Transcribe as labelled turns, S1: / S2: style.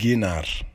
S1: ginaar